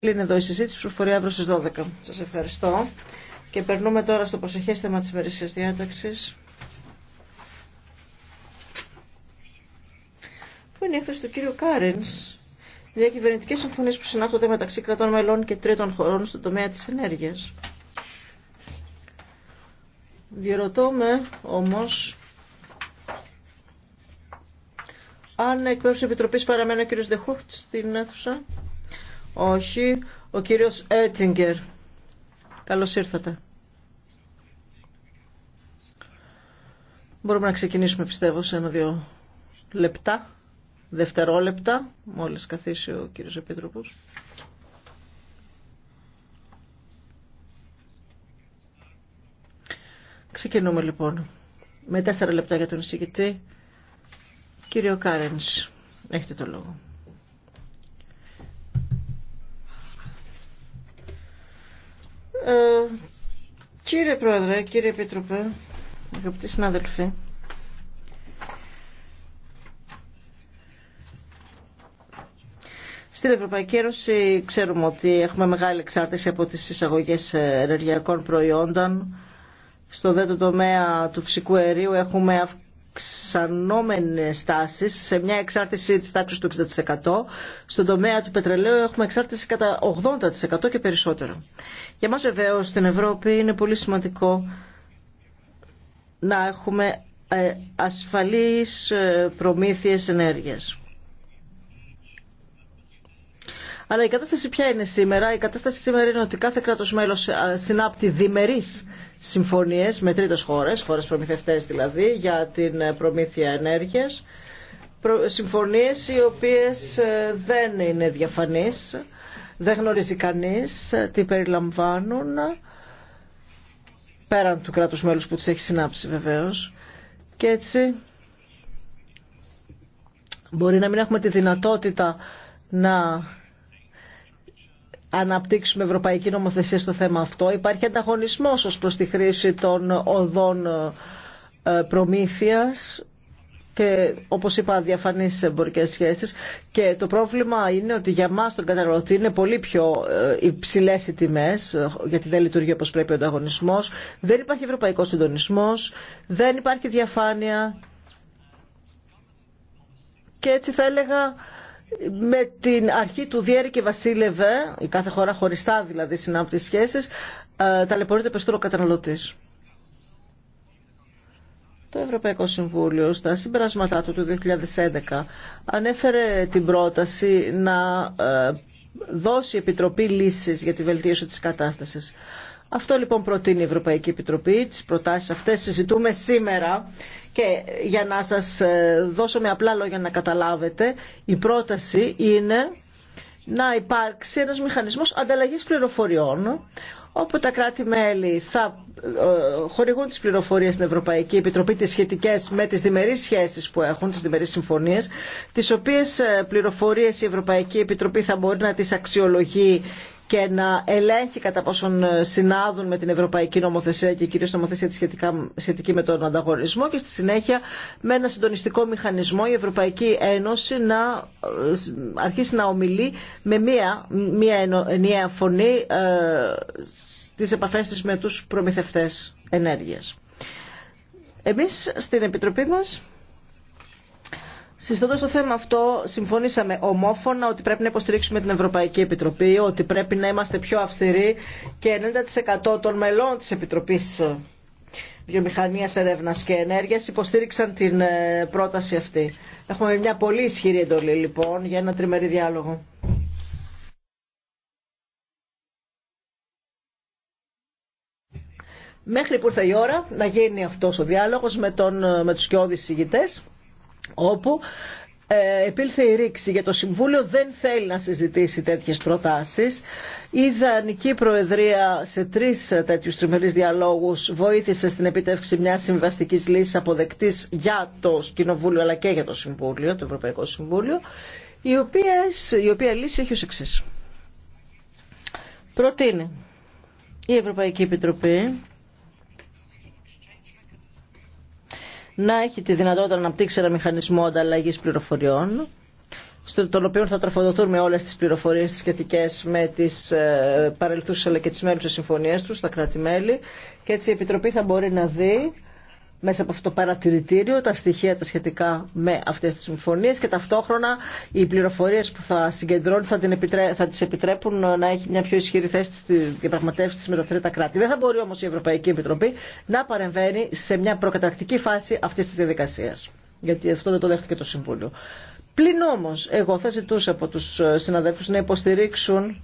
είναι εδώ η συζήτηση, προφορεί αύριο στι 12. Σας ευχαριστώ. Και περνούμε τώρα στο προσεχές θέμα της ημερησία διάταξης. Που είναι η έκθεση του κύριου Κάρενς. Διακυβερνητικέ συμφωνίε που συνάπτονται μεταξύ κρατών μελών και τρίτων χωρών στον τομέα τη ενέργεια. Διερωτώ με όμω αν εκ Επιτροπή παραμένει ο κ. Δεχούχτ στην αίθουσα. Όχι. Ο κύριος Έτσιγκερ. Καλώς ήρθατε. Μπορούμε να ξεκινήσουμε πιστεύω σε ένα-δύο λεπτά, δευτερόλεπτα, μόλις καθίσει ο κύριος Επίτροπος. Ξεκινούμε λοιπόν με τέσσερα λεπτά για τον εισηγητή. Κύριο Κάρενς, έχετε το λόγο. Ε, κύριε Πρόεδρε, κύριε Επίτροπε, αγαπητοί συνάδελφοι, Στην Ευρωπαϊκή Ένωση ξέρουμε ότι έχουμε μεγάλη εξάρτηση από τις εισαγωγές ενεργειακών προϊόντων. Στο δέτο τομέα του φυσικού αερίου έχουμε Ξανόμενε τάσει σε μια εξάρτηση τη τάξη του 60%. Στον τομέα του πετρελαίου έχουμε εξάρτηση κατά 80% και περισσότερο. Για μας βεβαίω στην Ευρώπη είναι πολύ σημαντικό να έχουμε ε, ασφαλείς ε, προμήθειες ενέργειας. Αλλά η κατάσταση ποια είναι σήμερα. Η κατάσταση σήμερα είναι ότι κάθε κράτο μέλο ε, συνάπτει διμερεί συμφωνίε με τρίτε χώρε, χώρε προμηθευτέ δηλαδή, για την ε, προμήθεια ενέργεια. Συμφωνίε οι οποίε ε, δεν είναι διαφανεί, δεν γνωρίζει κανεί τι περιλαμβάνουν. Πέραν του κράτους μέλους που τις έχει συνάψει βεβαίως. Και έτσι μπορεί να μην έχουμε τη δυνατότητα να αναπτύξουμε ευρωπαϊκή νομοθεσία στο θέμα αυτό. Υπάρχει ανταγωνισμός ως προς τη χρήση των οδών ε, προμήθειας και όπως είπα διαφανείς εμπορικές σχέσεις και το πρόβλημα είναι ότι για μας τον καταναλωτή είναι πολύ πιο ε, υψηλέ οι τιμές ε, γιατί δεν λειτουργεί όπως πρέπει ο ανταγωνισμός δεν υπάρχει ευρωπαϊκό συντονισμός δεν υπάρχει διαφάνεια και έτσι θα έλεγα με την αρχή του διέρη και βασίλευε, η κάθε χώρα χωριστά δηλαδή συνάπτει σχέσεις, ε, ταλαιπωρείται περισσότερο ο καταναλωτής. Το Ευρωπαϊκό Συμβούλιο στα συμπεράσματά του του 2011 ανέφερε την πρόταση να ε, δώσει επιτροπή λύσεις για τη βελτίωση της κατάστασης. Αυτό λοιπόν προτείνει η Ευρωπαϊκή Επιτροπή. Τις προτάσεις αυτές συζητούμε σήμερα και για να σας ε, δώσω με απλά λόγια να καταλάβετε, η πρόταση είναι να υπάρξει ένας μηχανισμός ανταλλαγής πληροφοριών όπου τα κράτη-μέλη θα ε, χορηγούν τις πληροφορίες στην Ευρωπαϊκή Επιτροπή τις σχετικές με τις διμερείς σχέσεις που έχουν, τις διμερείς συμφωνίες, τις οποίες ε, πληροφορίες η Ευρωπαϊκή Επιτροπή θα μπορεί να τις αξιολογεί και να ελέγχει κατά πόσον ε, συνάδουν με την ευρωπαϊκή νομοθεσία και κυρίως νομοθεσία σχετικά, σχετική με τον ανταγωνισμό και στη συνέχεια με ένα συντονιστικό μηχανισμό η Ευρωπαϊκή Ένωση να ε, αρχίσει να ομιλεί με μία, μία ενιαία φωνή ε, στις επαφές της με τους προμηθευτές ενέργειας. Εμείς στην Επιτροπή μας Συστώντα το θέμα αυτό, συμφωνήσαμε ομόφωνα ότι πρέπει να υποστηρίξουμε την Ευρωπαϊκή Επιτροπή, ότι πρέπει να είμαστε πιο αυστηροί και 90% των μελών της Επιτροπής ε, βιομηχανία, έρευνα και ενέργεια υποστήριξαν την ε, πρόταση αυτή. Έχουμε μια πολύ ισχυρή εντολή λοιπόν για ένα τριμερή διάλογο. Μέχρι που ήρθε η ώρα να γίνει αυτός ο διάλογος με, τον, ε, με τους κοιόδης όπου ε, επήλθε η ρήξη για το Συμβούλιο δεν θέλει να συζητήσει τέτοιες προτάσεις. Η Δανική Προεδρία σε τρεις τέτοιους τριμερείς διαλόγους βοήθησε στην επιτεύξη μιας συμβαστικής λύσης αποδεκτής για το Κοινοβούλιο αλλά και για το Συμβούλιο, το Ευρωπαϊκό Συμβούλιο, η οποία, η οποία λύση έχει ως εξής. Προτείνει η Ευρωπαϊκή Επιτροπή να έχει τη δυνατότητα να αναπτύξει ένα μηχανισμό ανταλλαγής πληροφοριών στον οποίο θα τροφοδοτούμε όλες τις πληροφορίες τις σχετικές με τις ε, αλλά και τι συμφωνίες τους στα κράτη-μέλη και έτσι η Επιτροπή θα μπορεί να δει μέσα από αυτό το παρατηρητήριο τα στοιχεία τα σχετικά με αυτές τις συμφωνίες και ταυτόχρονα οι πληροφορίες που θα συγκεντρώνει θα, την επιτρέ... θα τις επιτρέπουν να έχει μια πιο ισχυρή θέση στη διαπραγματεύσεις με τα τρίτα κράτη. Δεν θα μπορεί όμως η Ευρωπαϊκή Επιτροπή να παρεμβαίνει σε μια προκαταρκτική φάση αυτής της διαδικασίας. Γιατί αυτό δεν το δέχτηκε το Συμβούλιο. Πλην όμως, εγώ θα ζητούσα από τους συναδέλφους να υποστηρίξουν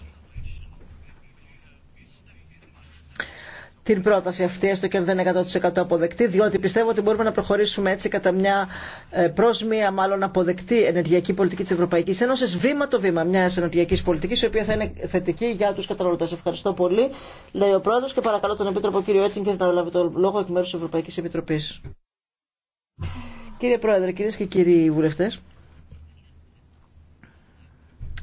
την πρόταση αυτή, έστω και αν δεν είναι 100% αποδεκτή, διότι πιστεύω ότι μπορούμε να προχωρήσουμε έτσι κατά μια ε, πρόσμια, μάλλον αποδεκτή ενεργειακή πολιτική τη Ευρωπαϊκή Ένωση, βήμα το βήμα μια ενεργειακή πολιτική, η οποία θα είναι θετική για του καταναλωτέ. Ευχαριστώ πολύ, λέει ο Πρόεδρο, και παρακαλώ τον Επίτροπο κύριο Έτσιγκερ να λάβει το λόγο εκ μέρου τη Ευρωπαϊκή Επιτροπή. Κύριε Πρόεδρε, κυρίε και κύριοι βουλευτέ,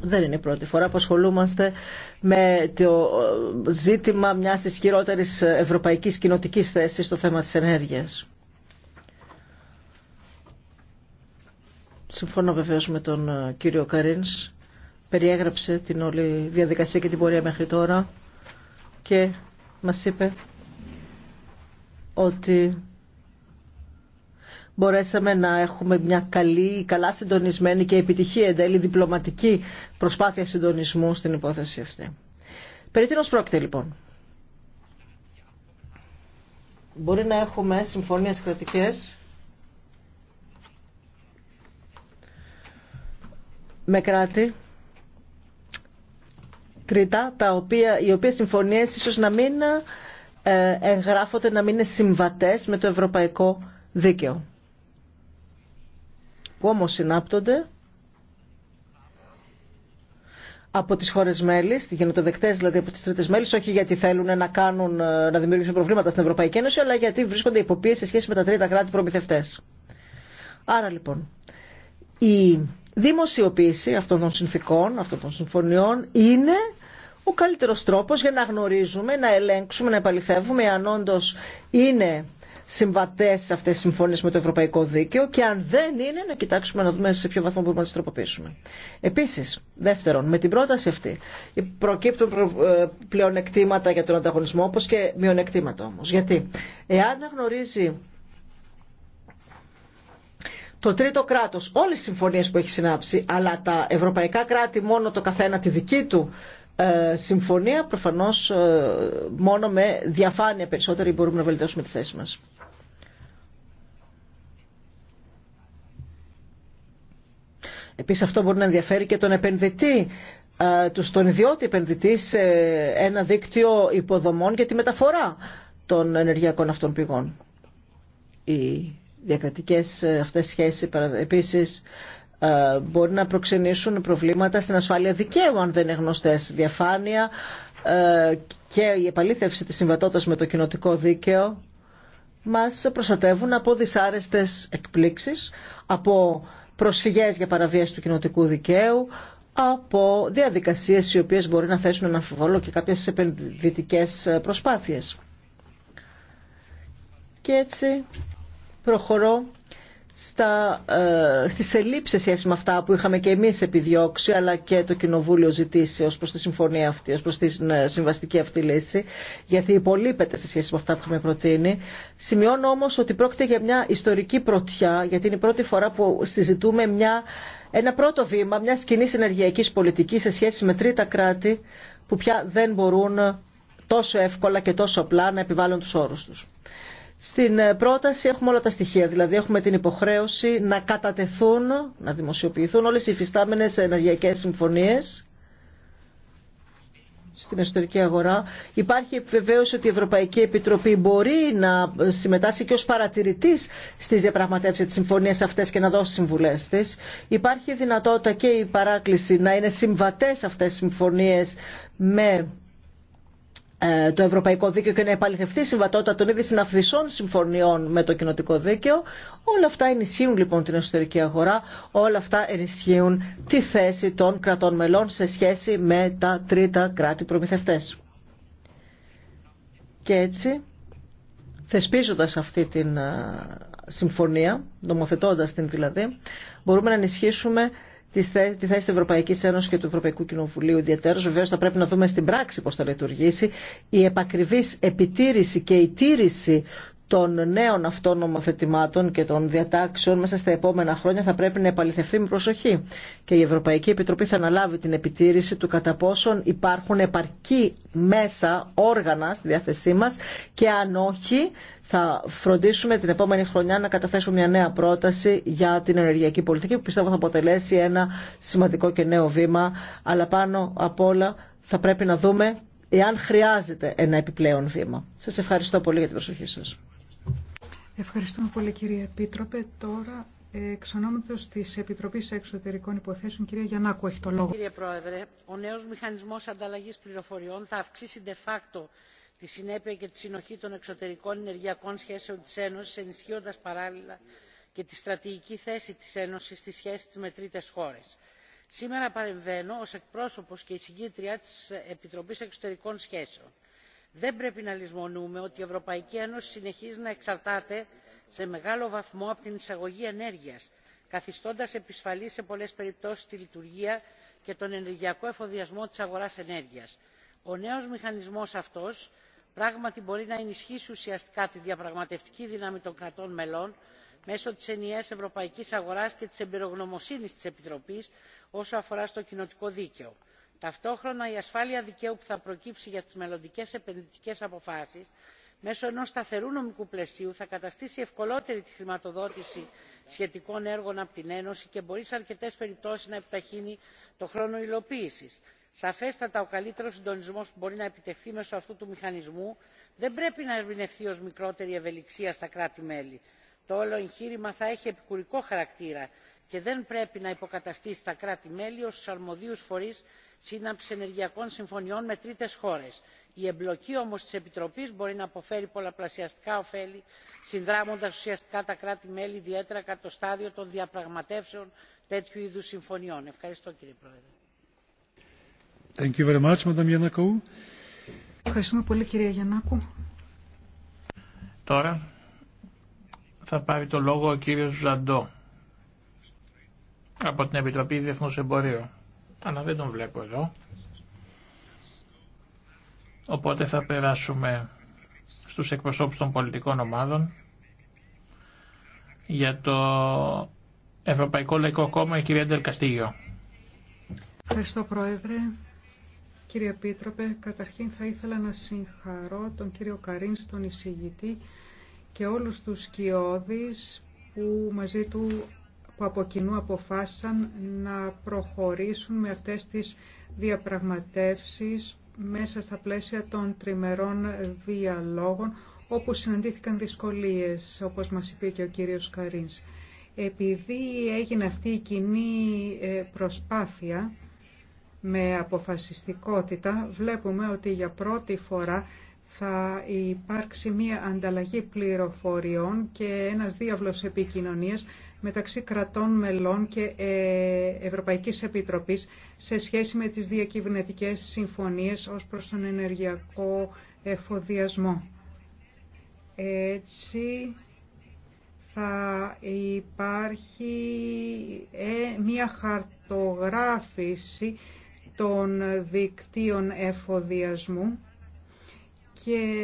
δεν είναι η πρώτη φορά που ασχολούμαστε με το ζήτημα μιας ισχυρότερης ευρωπαϊκής κοινοτικής θέσης στο θέμα της ενέργειας. Συμφωνώ βεβαίως με τον ε, κύριο Καρίνς. Περιέγραψε την όλη διαδικασία και την πορεία μέχρι τώρα και μας είπε ότι μπορέσαμε να έχουμε μια καλή, καλά συντονισμένη και επιτυχή εν τέλει διπλωματική προσπάθεια συντονισμού στην υπόθεση αυτή. Περί τίνος πρόκειται λοιπόν. Μπορεί να έχουμε συμφωνίες κρατικές με κράτη τρίτα, τα οποία, οι οποίες συμφωνίες ίσως να μην ε, εγγράφονται, να μην είναι συμβατές με το ευρωπαϊκό δίκαιο που όμως συνάπτονται από τις χώρες μέλη, γίνονται δεκτές δηλαδή από τις τρίτες μέλη, όχι γιατί θέλουν να, κάνουν, ε, να δημιουργήσουν προβλήματα στην Ευρωπαϊκή Ένωση, αλλά γιατί βρίσκονται υποπίες σε σχέση με τα τρίτα κράτη προμηθευτές. Άρα λοιπόν, η δημοσιοποίηση αυτών των συνθήκων, αυτών των συμφωνιών είναι ο καλύτερος τρόπος για να γνωρίζουμε, να ελέγξουμε, να επαληθεύουμε αν όντω είναι συμβατές αυτέ οι συμφωνίε με το Ευρωπαϊκό Δίκαιο και αν δεν είναι να κοιτάξουμε να δούμε σε ποιο βαθμό μπορούμε να τι τροποποιήσουμε. Επίση, δεύτερον, με την πρόταση αυτή προκύπτουν ε, πλεονεκτήματα για τον ανταγωνισμό όπω και μειονεκτήματα όμω. Γιατί εάν γνωρίζει το τρίτο κράτο, όλε τις συμφωνίε που έχει συνάψει αλλά τα ευρωπαϊκά κράτη μόνο το καθένα τη δική του ε, συμφωνία προφανώς ε, μόνο με διαφάνεια περισσότερη μπορούμε να βελτιώσουμε τη θέση μα. Επίσης αυτό μπορεί να ενδιαφέρει και τον επενδυτή στον ιδιώτη επενδυτή σε ένα δίκτυο υποδομών για τη μεταφορά των ενεργειακών αυτών πηγών. Οι διακρατικές ε, αυτές σχέσεις επίσης μπορεί να προξενήσουν προβλήματα στην ασφάλεια δικαίου αν δεν είναι γνωστές διαφάνεια και η επαλήθευση της συμβατότητας με το κοινοτικό δίκαιο μας προστατεύουν από δυσάρεστες εκπλήξεις, από προσφυγές για παραβίαση του κοινοτικού δικαίου από διαδικασίες οι οποίες μπορεί να θέσουν ένα αμφιβόλο και κάποιες επενδυτικές προσπάθειες. Και έτσι προχωρώ στα, ε, στις ελλείψεις σχέση με αυτά που είχαμε και εμείς επιδιώξει αλλά και το Κοινοβούλιο ζητήσει ως προς τη συμφωνία αυτή, ως προς τη ε, συμβαστική αυτή λύση γιατί υπολείπεται σε σχέση με αυτά που είχαμε προτείνει. Σημειώνω όμως ότι πρόκειται για μια ιστορική πρωτιά γιατί είναι η πρώτη φορά που συζητούμε μια, ένα πρώτο βήμα μια κοινή ενεργειακής πολιτικής σε σχέση με τρίτα κράτη που πια δεν μπορούν τόσο εύκολα και τόσο απλά να επιβάλλουν τους όρους τους. Στην ε, πρόταση έχουμε όλα τα στοιχεία, δηλαδή έχουμε την υποχρέωση να κατατεθούν, να δημοσιοποιηθούν όλες οι υφιστάμενες ενεργειακές συμφωνίες στην εσωτερική αγορά. Υπάρχει επιβεβαίωση ότι η Ευρωπαϊκή Επιτροπή μπορεί να συμμετάσχει και ως παρατηρητής στις διαπραγματεύσεις της συμφωνίας αυτές και να δώσει συμβουλές της. Υπάρχει δυνατότητα και η παράκληση να είναι συμβατές αυτές οι συμφωνίες με ε, το Ευρωπαϊκό Δίκαιο και να επαληθευτεί η συμβατότητα των ήδη συναυθισών συμφωνιών με το κοινοτικό δίκαιο. Όλα αυτά ενισχύουν λοιπόν την εσωτερική αγορά, όλα αυτά ενισχύουν τη θέση των κρατών μελών σε σχέση με τα τρίτα κράτη προμηθευτές. Και έτσι, θεσπίζοντας αυτή την ε, συμφωνία, νομοθετώντας την δηλαδή, μπορούμε να ενισχύσουμε τη θέση της Ευρωπαϊκής Ένωσης και του Ευρωπαϊκού Κοινοβουλίου ιδιαίτερως. Βεβαίως θα πρέπει να δούμε στην πράξη πώς θα λειτουργήσει η επακριβής επιτήρηση και η τήρηση των νέων αυτών νομοθετημάτων και των διατάξεων μέσα στα επόμενα χρόνια θα πρέπει να επαληθευτεί με προσοχή. Και η Ευρωπαϊκή Επιτροπή θα αναλάβει την επιτήρηση του κατά πόσον υπάρχουν επαρκή μέσα, όργανα στη διάθεσή μας και αν όχι θα φροντίσουμε την επόμενη χρονιά να καταθέσουμε μια νέα πρόταση για την ενεργειακή πολιτική που πιστεύω θα αποτελέσει ένα σημαντικό και νέο βήμα αλλά πάνω απ' όλα θα πρέπει να δούμε εάν χρειάζεται ένα επιπλέον βήμα. Σας ευχαριστώ πολύ για την προσοχή σας. Ευχαριστούμε πολύ κύριε Επίτροπε. Τώρα εξ ονόματος της Επιτροπής Εξωτερικών Υποθέσεων, κυρία Γιαννάκου, έχει το λόγο. Κύριε Πρόεδρε, ο νέος μηχανισμός ανταλλαγής πληροφοριών θα αυξήσει de facto τη συνέπεια και τη συνοχή των εξωτερικών ενεργειακών σχέσεων της Ένωσης, ενισχύοντας παράλληλα και τη στρατηγική θέση της Ένωσης στη σχέση με τρίτες χώρες. Σήμερα παρεμβαίνω ως εκπρόσωπος και εισηγήτρια της Επιτροπής Εξωτερικών Σχέσεων δεν πρέπει να λησμονούμε ότι η ευρωπαϊκή ένωση συνεχίζει να εξαρτάται σε μεγάλο βαθμό από την εισαγωγή ενέργειας καθιστώντας επισφαλή σε πολλές περιπτώσεις τη λειτουργία και τον ενεργειακό εφοδιασμό της αγοράς ενέργειας. ο νέος μηχανισμός αυτός πράγματι μπορεί να ενισχύσει ουσιαστικά τη διαπραγματευτική δύναμη των κρατών μελών μέσω της ενιαίας ευρωπαϊκής αγοράς και της εμπειρογνωμοσύνης της επιτροπής όσο αφορά στο κοινοτικό δίκαιο ταυτόχρονα η ασφάλεια δικαίου που θα προκύψει για τις μελλοντικές επενδυτικές αποφάσεις μέσω ενός σταθερού νομικού πλαισίου θα καταστήσει ευκολότερη τη χρηματοδότηση σχετικών έργων από την ένωση και μπορεί σε αρκετές περιπτώσεις να επιταχύνει το χρόνο υλοποίησης. σαφέστατα ο καλύτερο συντονισμό που μπορεί να επιτευχθεί μέσω αυτού του μηχανισμού δεν πρέπει να ερμηνευθεί ω μικρότερη ευελιξία στα κράτη μέλη. το όλο εγχείρημα θα έχει επικουρικό χαρακτήρα και δεν πρέπει να υποκαταστήσει τα κράτη μέλη ω αρμοδίους Σύναψη ενεργειακών συμφωνιών με τρίτες χώρες. η εμπλοκή όμως της επιτροπής μπορεί να αποφέρει πολλαπλασιαστικά ωφέλη συνδράμοντας ουσιαστικά τα κράτη μέλη ιδιαίτερα κατά το στάδιο των διαπραγματεύσεων τέτοιου είδους συμφωνιών. ευχαριστώ κύριε πρόεδρε. Thank you very much, Madam Ευχαριστούμε πολύ κυρία Γιαννάκου. Τώρα θα πάρει το λόγο ο κύριος Ζαντό από την Επιτροπή Διεθνούς Εμπορίου αλλά δεν τον βλέπω εδώ. Οπότε θα περάσουμε στους εκπροσώπους των πολιτικών ομάδων για το Ευρωπαϊκό Λαϊκό Κόμμα, η κυρία Καστίγιο. Ευχαριστώ Πρόεδρε. Κύριε Επίτροπε, καταρχήν θα ήθελα να συγχαρώ τον κύριο Καρίν στον εισηγητή και όλους τους κοιόδης που μαζί του που από κοινού αποφάσισαν να προχωρήσουν με αυτές τις διαπραγματεύσεις μέσα στα πλαίσια των τριμερών διαλόγων όπου συναντήθηκαν δυσκολίες, όπως μας είπε και ο κύριος Καρίνς. Επειδή έγινε αυτή η κοινή ε, προσπάθεια με αποφασιστικότητα, βλέπουμε ότι για πρώτη φορά θα υπάρξει μία ανταλλαγή πληροφοριών και ένας διάβλος επικοινωνίας μεταξύ κρατών μελών και ε, Ευρωπαϊκής Επιτροπής σε σχέση με τις διακυβερνητικές συμφωνίες ως προς τον ενεργειακό εφοδιασμό. Έτσι θα υπάρχει ε, μία χαρτογράφηση των δικτύων εφοδιασμού και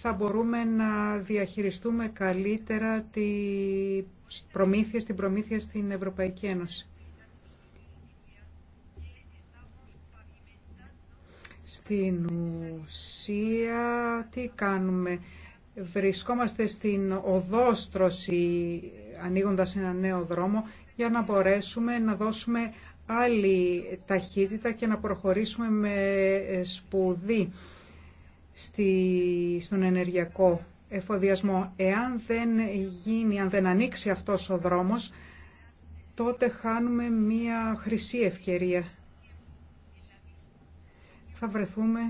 θα μπορούμε να διαχειριστούμε καλύτερα τη προμήθεια, την προμήθεια στην Ευρωπαϊκή Ένωση. Στην ουσία τι κάνουμε. Βρισκόμαστε στην οδόστρωση ανοίγοντας ένα νέο δρόμο για να μπορέσουμε να δώσουμε άλλη ταχύτητα και να προχωρήσουμε με σπουδή στη, στον ενεργειακό εφοδιασμό. Εάν δεν γίνει, αν δεν ανοίξει αυτός ο δρόμος, τότε χάνουμε μία χρυσή ευκαιρία. Θα βρεθούμε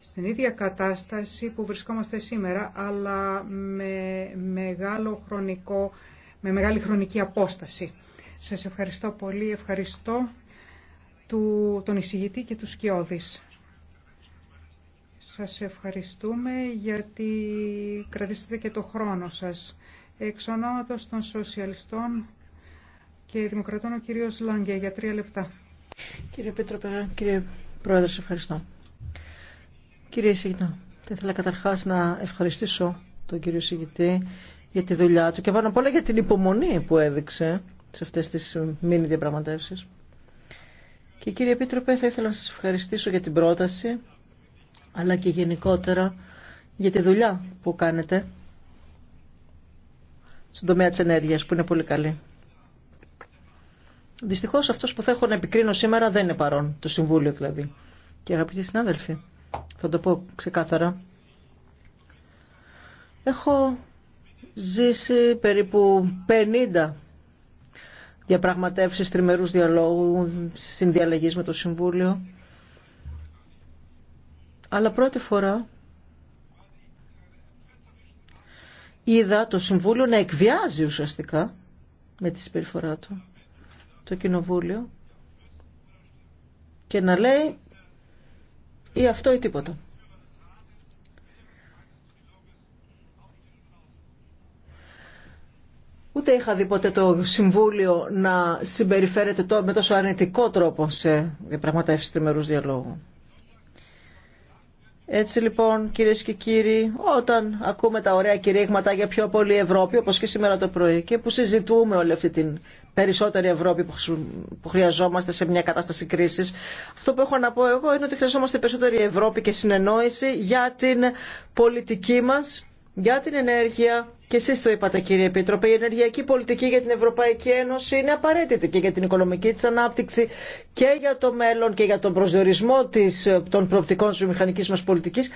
στην ίδια κατάσταση που βρισκόμαστε σήμερα, αλλά με, μεγάλο χρονικό, με μεγάλη χρονική απόσταση. Σας ευχαριστώ πολύ, ευχαριστώ του, τον εισηγητή και τους σκιώδης. Σας ευχαριστούμε γιατί κρατήσατε και το χρόνο σας. Εξ ονόματος των σοσιαλιστών και δημοκρατών ο κύριος Λάγκια για τρία λεπτά. Κύριε Πίτροπε, κύριε Πρόεδρε, σας ευχαριστώ. Κύριε Σίγητα, θα ήθελα καταρχάς να ευχαριστήσω τον κύριο Σιγητή για τη δουλειά του και πάνω απ' όλα για την υπομονή που έδειξε σε αυτές τις ε, μήνυ διαπραγματεύσεις. Και κύριε Πίτροπε, θα ήθελα να σας ευχαριστήσω για την πρόταση αλλά και γενικότερα για τη δουλειά που κάνετε στον τομέα της ενέργειας που είναι πολύ καλή. Δυστυχώς αυτός που θα έχω να επικρίνω σήμερα δεν είναι παρόν, το Συμβούλιο δηλαδή. Και αγαπητοί συνάδελφοι, θα το πω ξεκάθαρα, έχω ζήσει περίπου 50 διαπραγματεύσεις τριμερούς διαλόγου, συνδιαλλαγής με το Συμβούλιο αλλά πρώτη φορά είδα το Συμβούλιο να εκβιάζει ουσιαστικά με τη συμπεριφορά του το Κοινοβούλιο και να λέει ή αυτό ή τίποτα. Ούτε είχα δει ποτέ το Συμβούλιο να συμπεριφέρεται με τόσο αρνητικό τρόπο σε διαπραγματεύσει τριμερούς διαλόγου. Έτσι λοιπόν κυρίες και κύριοι, όταν ακούμε τα ωραία κηρύγματα για πιο πολύ Ευρώπη, όπως και σήμερα το πρωί, και που συζητούμε όλη αυτή την περισσότερη Ευρώπη που χρειαζόμαστε σε μια κατάσταση κρίσης, αυτό που έχω να πω εγώ είναι ότι χρειαζόμαστε περισσότερη Ευρώπη και συνεννόηση για την πολιτική μας, για την ενέργεια και εσείς το είπατε κύριε Επίτροπε, η ενεργειακή πολιτική για την Ευρωπαϊκή Ένωση είναι απαραίτητη και για την οικονομική της ανάπτυξη και για το μέλλον και για τον προσδιορισμό της, των προοπτικών της μηχανικής μας πολιτικής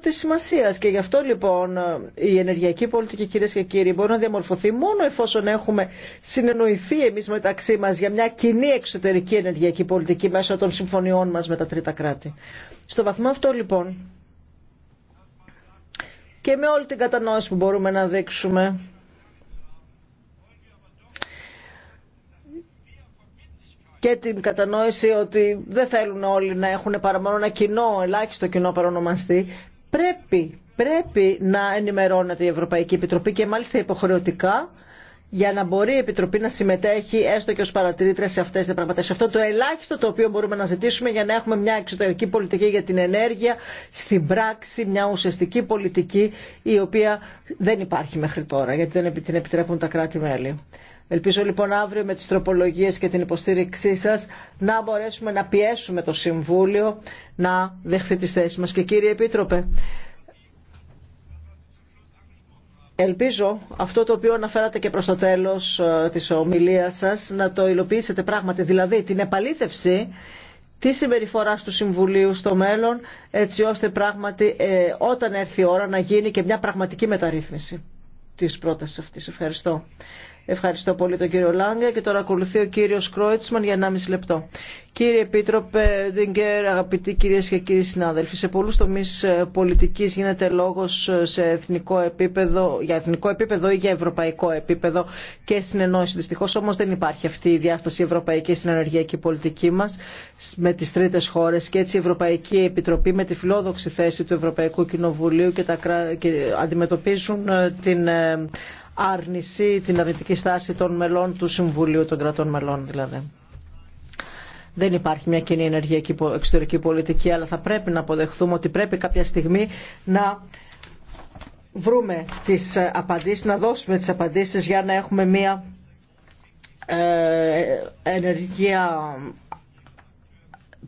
της σημασίας. Και γι' αυτό λοιπόν η ενεργειακή πολιτική κυρίες και κύριοι μπορεί να διαμορφωθεί μόνο εφόσον έχουμε συνεννοηθεί εμείς μεταξύ μας για μια κοινή εξωτερική ενεργειακή πολιτική μέσω των συμφωνιών μας με τα τρίτα κράτη. Στο βαθμό αυτό λοιπόν και με όλη την κατανόηση που μπορούμε να δείξουμε. και την κατανόηση ότι δεν θέλουν όλοι να έχουν παρά μόνο ένα κοινό, ελάχιστο κοινό παρονομαστή. Πρέπει, πρέπει να ενημερώνεται η Ευρωπαϊκή Επιτροπή και μάλιστα υποχρεωτικά για να μπορεί η Επιτροπή να συμμετέχει έστω και ω παρατηρήτρια σε αυτέ τι διαπραγματεύσει. Αυτό το ελάχιστο το οποίο μπορούμε να ζητήσουμε για να έχουμε μια εξωτερική πολιτική για την ενέργεια στην πράξη, μια ουσιαστική πολιτική η οποία δεν υπάρχει μέχρι τώρα γιατί δεν την επιτρέπουν τα κράτη-μέλη. Ελπίζω λοιπόν αύριο με τις τροπολογίες και την υποστήριξή σας να μπορέσουμε να πιέσουμε το Συμβούλιο να δεχθεί τις θέσεις μας. Και κύριε Επίτροπε, Ελπίζω αυτό το οποίο αναφέρατε και προς το τέλος ε, της ομιλίας σας να το υλοποιήσετε πράγματι, δηλαδή την επαλήθευση τη συμπεριφορά του Συμβουλίου στο μέλλον, έτσι ώστε πράγματι ε, όταν έρθει η ώρα να γίνει και μια πραγματική μεταρρύθμιση της πρότασης αυτής. Ευχαριστώ. Ευχαριστώ πολύ τον κύριο Λάγκα και τώρα ακολουθεί ο κύριος Κρόιτσμαν για 1,5 λεπτό. Κύριε Επίτροπε αγαπητοί κυρίες και κύριοι συνάδελφοι, σε πολλούς τομείς ε, πολιτικής γίνεται λόγος ε, σε εθνικό επίπεδο, για εθνικό επίπεδο ή για ευρωπαϊκό επίπεδο και συνεννόηση. Δυστυχώς όμως δεν υπάρχει αυτή η για ευρωπαικο επιπεδο και στην ενώση δυστυχως ομως ευρωπαϊκή στην ενεργειακή πολιτική μας με τις τρίτες χώρες και έτσι η Ευρωπαϊκή Επιτροπή με τη φιλόδοξη θέση του Ευρωπαϊκού Κοινοβουλίου και, τα, και αντιμετωπίζουν ε, την άρνηση, την αρνητική στάση των μελών του Συμβουλίου των κρατών μελών δηλαδή. Δεν υπάρχει μια κοινή ενεργειακή εξωτερική πολιτική, αλλά θα πρέπει να αποδεχθούμε ότι πρέπει κάποια στιγμή να βρούμε τις ε, απαντήσεις, να δώσουμε τις απαντήσεις για να έχουμε μια ε, ενεργεία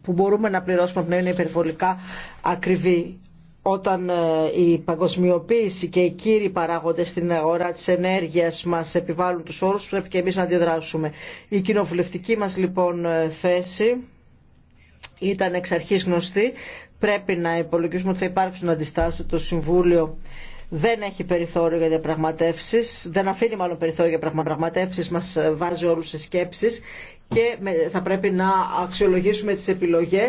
που μπορούμε να πληρώσουμε να είναι υπερβολικά ακριβή όταν ε, η παγκοσμιοποίηση και οι κύριοι παράγοντες στην αγορά της ενέργειας μας επιβάλλουν τους όρους, πρέπει και εμείς να αντιδράσουμε. Η κοινοβουλευτική μας λοιπόν ε, θέση ήταν εξ αρχής γνωστή. Πρέπει να υπολογίσουμε ότι θα υπάρξουν αντιστάσεις το Συμβούλιο δεν έχει περιθώριο για διαπραγματεύσει, δεν αφήνει μάλλον περιθώριο για διαπραγματεύσει, μα ε, βάζει όλου σε σκέψει και θα πρέπει να αξιολογήσουμε τι επιλογέ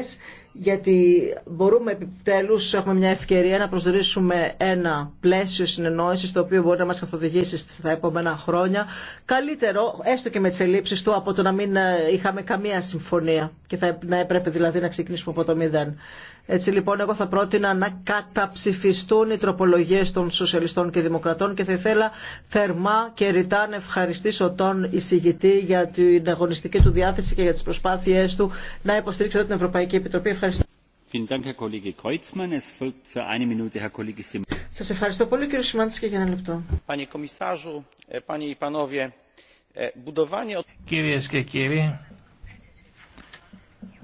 γιατί μπορούμε επιτέλους, έχουμε μια ευκαιρία να προσδιορίσουμε ένα πλαίσιο συνεννόησης το οποίο μπορεί να μας καθοδηγήσει στα επόμενα χρόνια καλύτερο, έστω και με τις ελλείψεις του, από το να μην ε, είχαμε καμία συμφωνία και θα, να έπρεπε δηλαδή να ξεκινήσουμε από το μηδέν. Έτσι λοιπόν εγώ θα πρότεινα να καταψηφιστούν οι τροπολογίες των σοσιαλιστών και δημοκρατών και θα ήθελα θερμά και ρητά να ευχαριστήσω τον εισηγητή για την αγωνιστική του διάθεση και για τις προσπάθειές του να υποστηρίξει την Ευρωπαϊκή Επιτροπή. Ευχαριστώ. Σας ευχαριστώ πολύ κύριε για ένα λεπτό. E, e, Κυρίες και κύριοι,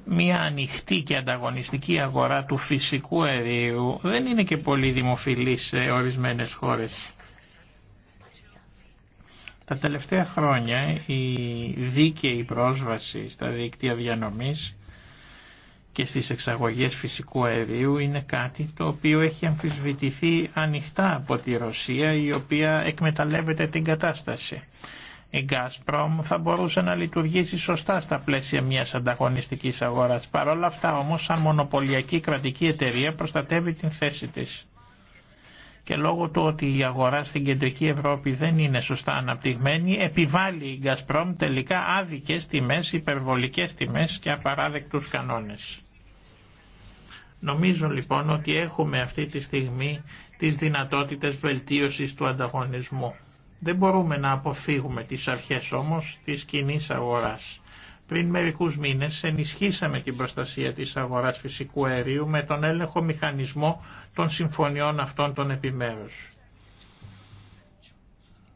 μια ανοιχτή και ανταγωνιστική αγορά του φυσικού αερίου δεν είναι και πολύ δημοφιλή σε ορισμένες χώρες. Τα τελευταία χρόνια η δίκαιη πρόσβαση στα δίκτυα διανομής και στις εξαγωγές φυσικού αερίου είναι κάτι το οποίο έχει αμφισβητηθεί ανοιχτά από τη Ρωσία η οποία εκμεταλλεύεται την κατάσταση η Gazprom θα μπορούσε να λειτουργήσει σωστά στα πλαίσια μιας ανταγωνιστικής αγοράς. Παρ' όλα αυτά όμως σαν μονοπωλιακή κρατική εταιρεία προστατεύει την θέση της. Και λόγω του ότι η αγορά στην κεντρική Ευρώπη δεν είναι σωστά αναπτυγμένη, επιβάλλει η Gazprom τελικά άδικες τιμές, υπερβολικές τιμές και απαράδεκτους κανόνες. Νομίζω λοιπόν ότι έχουμε αυτή τη στιγμή τις δυνατότητες βελτίωσης του ανταγωνισμού δεν μπορούμε να αποφύγουμε τις αρχές όμως της κοινή αγοράς. Πριν μερικούς μήνες ενισχύσαμε την προστασία της αγοράς φυσικού αερίου με τον έλεγχο μηχανισμό των συμφωνιών αυτών των επιμέρους.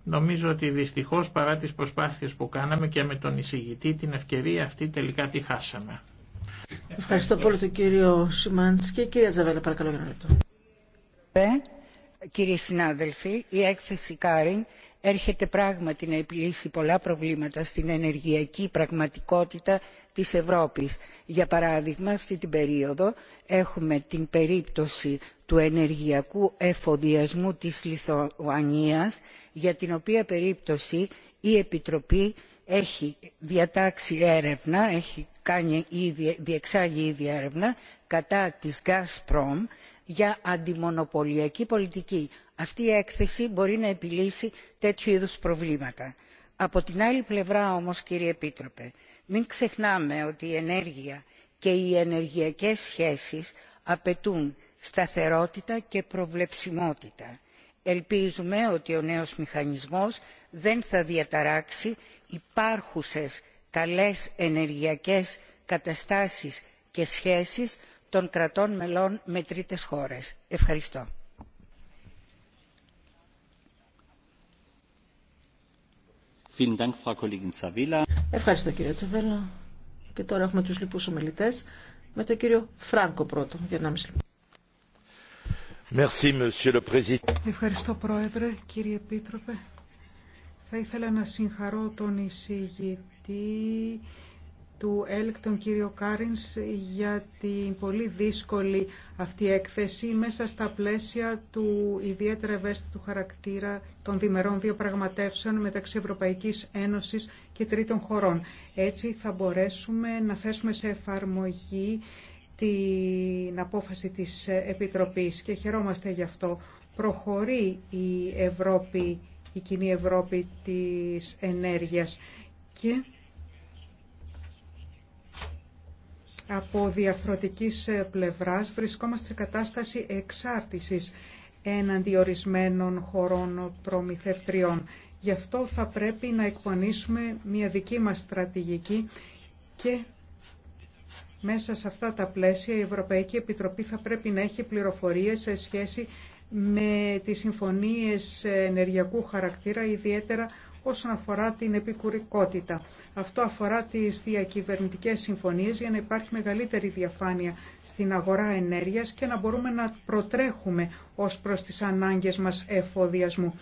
Νομίζω ότι δυστυχώς παρά τις προσπάθειες που κάναμε και με τον εισηγητή την ευκαιρία αυτή τελικά τη χάσαμε. Ευχαριστώ πολύ τον κύριο Σιμάνσκι. Κυρία Τζαβέλα, παρακαλώ για ένα λεπτό. Ε, κύριοι συνάδελφοι η έκθεση κάριν έρχεται πράγματι να επιλύσει πολλά προβλήματα στην ενεργειακή πραγματικότητα της ευρώπης. για παράδειγμα αυτή την περίοδο έχουμε την περίπτωση του ενεργειακού εφοδιασμού της λιθουανίας για την οποία περίπτωση η επιτροπή έχει διατάξει έρευνα έχει διεξάγει ήδη έρευνα κατά της gazprom για αντιμονοπωλιακή πολιτική. αυτή η έκθεση μπορεί να επιλύσει τέτοιου είδους προβλήματα. από την άλλη πλευρά όμως κύριε επίτροπε μην ξεχνάμε ότι η ενέργεια και οι ενεργειακές σχέσεις απαιτούν σταθερότητα και προβλεψιμότητα. ελπίζουμε ότι ο νέος μηχανισμός δεν θα διαταράξει υπάρχουσες καλές ενεργειακές καταστάσεις και σχέσεις των κρατών μελών με τρίτες χώρες. Ευχαριστώ. Ευχαριστώ κύριε Τσαβέλα. Και τώρα έχουμε τους λοιπούς ομιλητές με τον κύριο Φράνκο πρώτο για να Ευχαριστώ Πρόεδρε, κύριε Επίτροπε. Θα ήθελα να συγχαρώ τον εισηγητή του ΕΛΚ, τον κύριο Κάρινς, για την πολύ δύσκολη αυτή έκθεση μέσα στα πλαίσια του ιδιαίτερα ευαίσθητου χαρακτήρα των διμερών διαπραγματεύσεων μεταξύ Ευρωπαϊκής Ένωσης και τρίτων χωρών. Έτσι θα μπορέσουμε να θέσουμε σε εφαρμογή την απόφαση της Επιτροπής και χαιρόμαστε γι' αυτό. Προχωρεί η Ευρώπη, η κοινή Ευρώπη της ενέργειας και από διαφορετικής ε, πλευράς βρισκόμαστε σε κατάσταση εξάρτησης έναντι ορισμένων χωρών προμηθευτριών. Γι' αυτό θα πρέπει να εκπονήσουμε μια δική μας στρατηγική και μέσα σε αυτά τα πλαίσια η Ευρωπαϊκή Επιτροπή θα πρέπει να έχει πληροφορίες σε σχέση με τις συμφωνίες ενεργειακού χαρακτήρα, ιδιαίτερα όσον αφορά την επικουρικότητα. Αυτό αφορά τις διακυβερνητικές συμφωνίες για να υπάρχει μεγαλύτερη διαφάνεια στην αγορά ενέργειας και να μπορούμε να προτρέχουμε ως προς τις ανάγκες μας εφοδιασμού.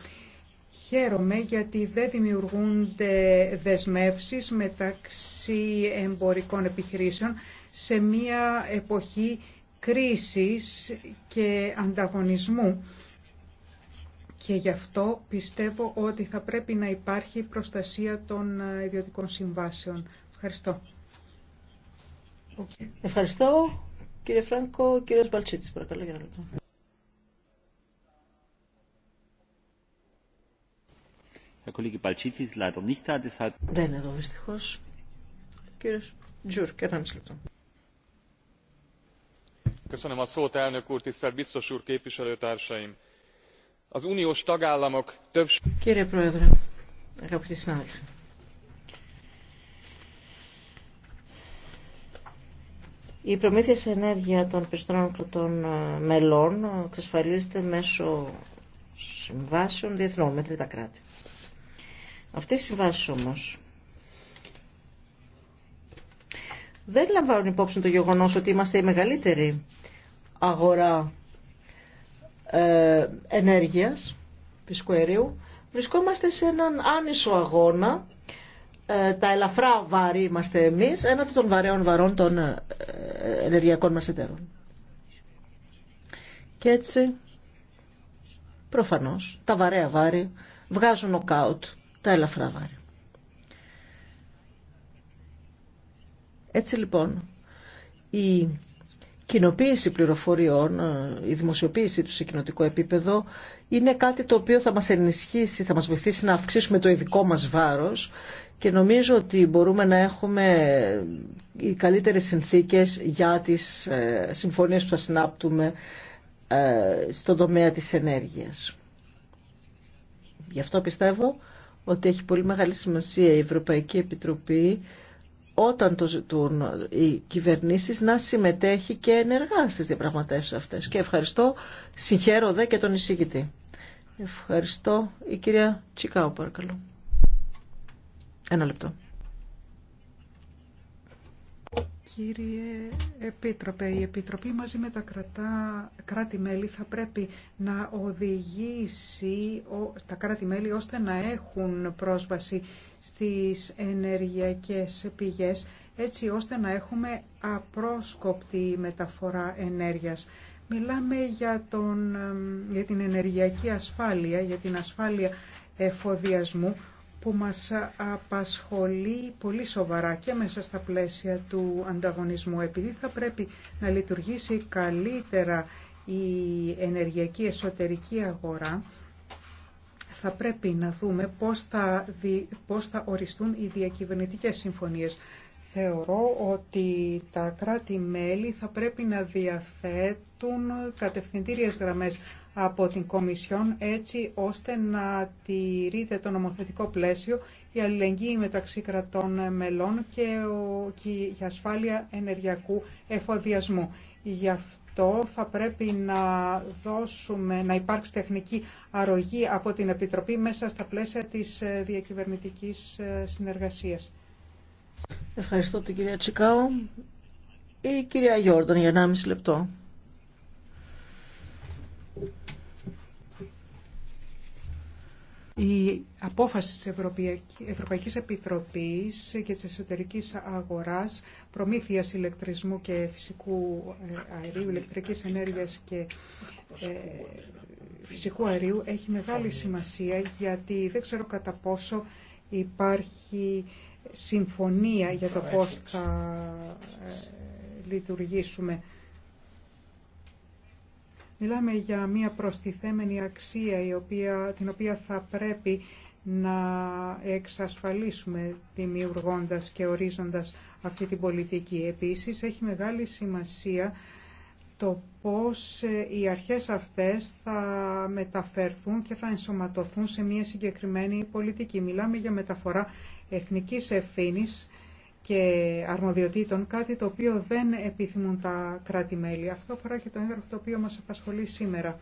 Χαίρομαι γιατί δεν δημιουργούνται δεσμεύσεις μεταξύ εμπορικών επιχειρήσεων σε μια εποχή κρίσης και ανταγωνισμού και γι' αυτό πιστεύω ότι θα πρέπει να υπάρχει προστασία των ε, ιδιωτικών συμβάσεων. Ευχαριστώ. Okay. Ευχαριστώ. Κύριε Φράνκο, κύριο Μπαλτσίτης, παρακαλώ για ένα λεπτό. Δεν είναι εδώ δυστυχώς. Κύριος Τζουρ, και ένα μισή λεπτό. Köszönöm a szót, elnök úr, tisztelt biztos az Κύριε Πρόεδρε, αγαπητοί συνάδελφοι. Η προμήθεια ενέργεια των περισσότερων των ε, μελών ε, εξασφαλίζεται μέσω συμβάσεων διεθνών με τρίτα κράτη. Αυτές οι συμβάσεις όμω. δεν λαμβάνουν υπόψη το γεγονό ότι είμαστε η μεγαλύτερη αγορά ε, ενέργειας φυσικού βρισκόμαστε σε έναν άνισο αγώνα. Ε, τα ελαφρά βαρύ είμαστε εμείς, έναντι των βαρέων βαρών των ε, ενεργειακών μας εταίρων. Και έτσι, προφανώς, τα βαρέα βάρη βγάζουν νοκάουτ τα ελαφρά βάρη. Έτσι λοιπόν, η κοινοποίηση πληροφοριών, ε, η δημοσιοποίηση του σε κοινοτικό επίπεδο είναι κάτι το οποίο θα μας ενισχύσει, θα μας βοηθήσει να αυξήσουμε το ειδικό μας βάρος και νομίζω ότι μπορούμε να έχουμε οι καλύτερες συνθήκες για τις ε, συμφωνίες που θα συνάπτουμε ε, στον τομέα της ενέργειας. Γι' αυτό πιστεύω ότι έχει πολύ μεγάλη σημασία η Ευρωπαϊκή Επιτροπή όταν το ζητούν οι κυβερνήσεις να συμμετέχει και ενεργά στις διαπραγματεύσεις αυτές. Και ευχαριστώ, συγχαίρω δε και τον εισηγητή. Ευχαριστώ. Η κυρία Τσικάου παρακαλώ. Ένα λεπτό. Κύριε Επίτροπε, η Επιτροπή μαζί με τα κράτη-μέλη θα πρέπει να οδηγήσει τα κράτη-μέλη ώστε να έχουν πρόσβαση στις ενεργειακές πηγές έτσι ώστε να έχουμε απρόσκοπτη μεταφορά ενέργειας. Μιλάμε για, τον, για την ενεργειακή ασφάλεια, για την ασφάλεια εφοδιασμού που μας απασχολεί πολύ σοβαρά και μέσα στα πλαίσια του ανταγωνισμού. Επειδή θα πρέπει να λειτουργήσει καλύτερα η ενεργειακή εσωτερική αγορά, θα πρέπει να δούμε πώς θα, πώς θα οριστούν οι διακυβερνητικές συμφωνίες. Θεωρώ ότι τα κράτη-μέλη θα πρέπει να διαθέτουν κατευθυντήριες γραμμές από την Κομισιόν έτσι ώστε να τηρείται το νομοθετικό πλαίσιο η αλληλεγγύη μεταξύ κρατών μελών και, και η ασφάλεια ενεργειακού εφοδιασμού. Γι' αυτό αυτό θα πρέπει να δώσουμε, να υπάρξει τεχνική αρρωγή από την Επιτροπή μέσα στα πλαίσια της ε, διακυβερνητικής ε, συνεργασίας. Ευχαριστώ την κυρία Τσικάου. Η κυρία Γιόρντον για 1,5 λεπτό. Η απόφαση της Ευρωπαϊκής Επιτροπής και της εσωτερικής αγοράς προμήθειας ηλεκτρισμού και φυσικού ε, αερίου, ηλεκτρικής ενέργειας και ε, φυσικού αερίου έχει μεγάλη σημασία γιατί δεν ξέρω κατά πόσο υπάρχει συμφωνία για το πώς θα ε, λειτουργήσουμε. Μιλάμε για μια προστιθέμενη αξία η οποία, την οποία θα πρέπει να εξασφαλίσουμε δημιουργώντας και ορίζοντας αυτή την πολιτική. Επίσης έχει μεγάλη σημασία το πώς ε, οι αρχές αυτές θα μεταφερθούν και θα ενσωματωθούν σε μια συγκεκριμένη πολιτική. Μιλάμε για μεταφορά εθνικής ευθύνης και αρμοδιοτήτων, κάτι το οποίο δεν επιθυμούν τα κράτη-μέλη. Αυτό αφορά και το έγγραφο το οποίο μας απασχολεί σήμερα.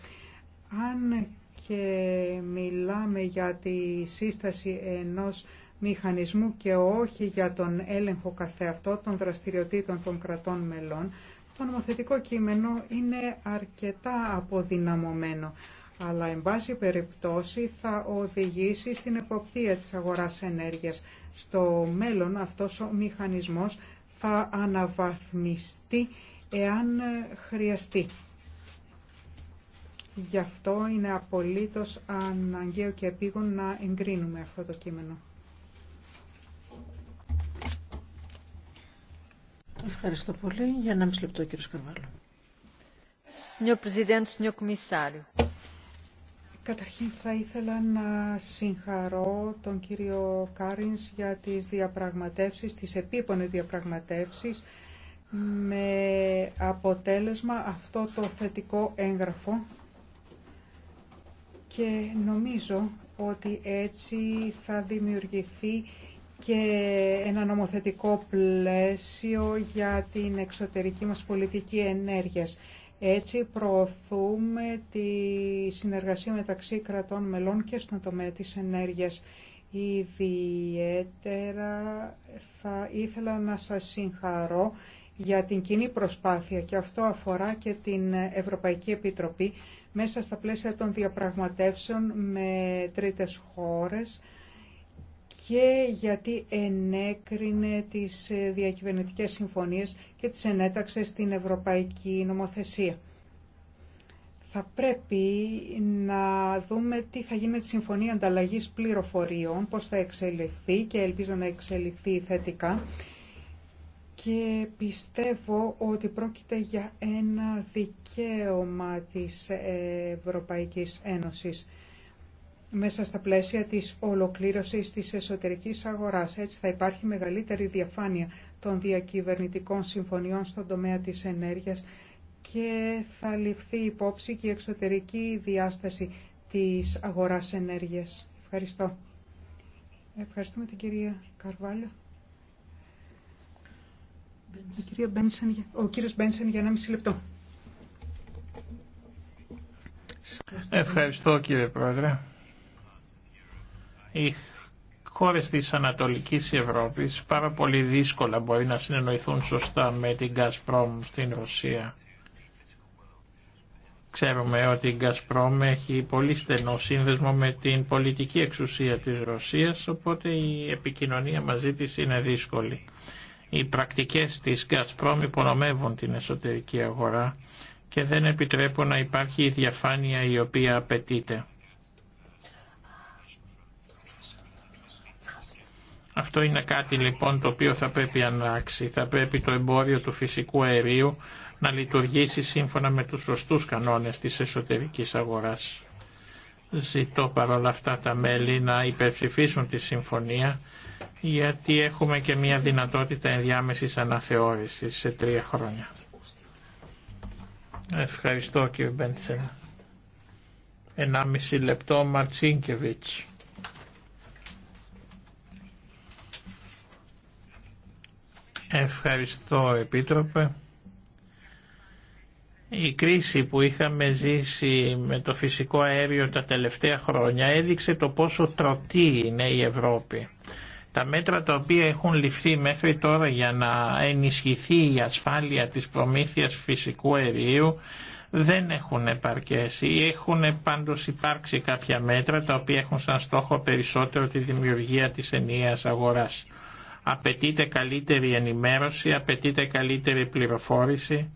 Αν και μιλάμε για τη σύσταση ενός μηχανισμού και όχι για τον έλεγχο καθεαυτό των δραστηριοτήτων των κρατών μελών, το νομοθετικό κείμενο είναι αρκετά αποδυναμωμένο αλλά εν πάση περιπτώσει θα οδηγήσει στην εποπτεία της αγοράς ενέργειας. Στο μέλλον αυτός ο μηχανισμός θα αναβαθμιστεί εάν χρειαστεί. Γι' αυτό είναι απολύτως αναγκαίο και επίγον να εγκρίνουμε αυτό το κείμενο. Ευχαριστώ πολύ. Για ένα μισή λεπτό, κύριο Κομισάριο. Καταρχήν θα ήθελα να συγχαρώ τον κύριο Κάρινς για τις διαπραγματεύσεις, τις επίπονες διαπραγματεύσεις με αποτέλεσμα αυτό το θετικό έγγραφο και νομίζω ότι έτσι θα δημιουργηθεί και ένα νομοθετικό πλαίσιο για την εξωτερική μας πολιτική ενέργειας. Έτσι προωθούμε τη συνεργασία μεταξύ κρατών μελών και στον τομέα της ενέργειας. Ιδιαίτερα θα ήθελα να σας συγχαρώ για την κοινή προσπάθεια και αυτό αφορά και την Ευρωπαϊκή Επιτροπή μέσα στα πλαίσια των διαπραγματεύσεων με τρίτες χώρες και γιατί ενέκρινε τις ε, διακυβερνητικές συμφωνίες και τις ενέταξε στην Ευρωπαϊκή Νομοθεσία. Θα πρέπει να δούμε τι θα γίνει με τη Συμφωνία Ανταλλαγής Πληροφοριών, πώς θα εξελιχθεί και ελπίζω να εξελιχθεί θετικά. Και πιστεύω ότι πρόκειται για ένα δικαίωμα της Ευρωπαϊκής Ένωσης μέσα στα πλαίσια της ολοκλήρωσης της εσωτερικής αγοράς. Έτσι θα υπάρχει μεγαλύτερη διαφάνεια των διακυβερνητικών συμφωνιών στον τομέα της ενέργειας και θα ληφθεί υπόψη και η εξωτερική διάσταση της αγοράς ενέργειας. Ευχαριστώ. Ευχαριστούμε την κυρία Καρβάλιο. Ο κύριος Μπένσεν για ένα μισή λεπτό. Ευχαριστώ κύριε Πρόεδρε οι χώρες της Ανατολικής Ευρώπης πάρα πολύ δύσκολα μπορεί να συνεννοηθούν σωστά με την Gazprom στην Ρωσία. Ξέρουμε ότι η Gazprom έχει πολύ στενό σύνδεσμο με την πολιτική εξουσία της Ρωσίας, οπότε η επικοινωνία μαζί της είναι δύσκολη. Οι πρακτικές της Gazprom υπονομεύουν την εσωτερική αγορά και δεν επιτρέπουν να υπάρχει η διαφάνεια η οποία απαιτείται. Αυτό είναι κάτι λοιπόν το οποίο θα πρέπει ανάξι. Θα πρέπει το εμπόριο του φυσικού αερίου να λειτουργήσει σύμφωνα με τους σωστούς κανόνες της εσωτερικής αγοράς. Ζητώ παρόλα αυτά τα μέλη να υπερψηφίσουν τη συμφωνία γιατί έχουμε και μια δυνατότητα ενδιάμεσης αναθεώρησης σε τρία χρόνια. Ευχαριστώ κύριε Μπέντσελ. Ενάμιση λεπτό Μαρτσίνκεβιτς. Ευχαριστώ Επίτροπε. Η κρίση που είχαμε ζήσει με το φυσικό αέριο τα τελευταία χρόνια έδειξε το πόσο τρωτή είναι η Ευρώπη. Τα μέτρα τα οποία έχουν ληφθεί μέχρι τώρα για να ενισχυθεί η ασφάλεια της προμήθειας φυσικού αερίου δεν έχουν επαρκέσει. Έχουν πάντως υπάρξει κάποια μέτρα τα οποία έχουν σαν στόχο περισσότερο τη δημιουργία της ενιαίας αγοράς απαιτείται καλύτερη ενημέρωση, απαιτείται καλύτερη πληροφόρηση.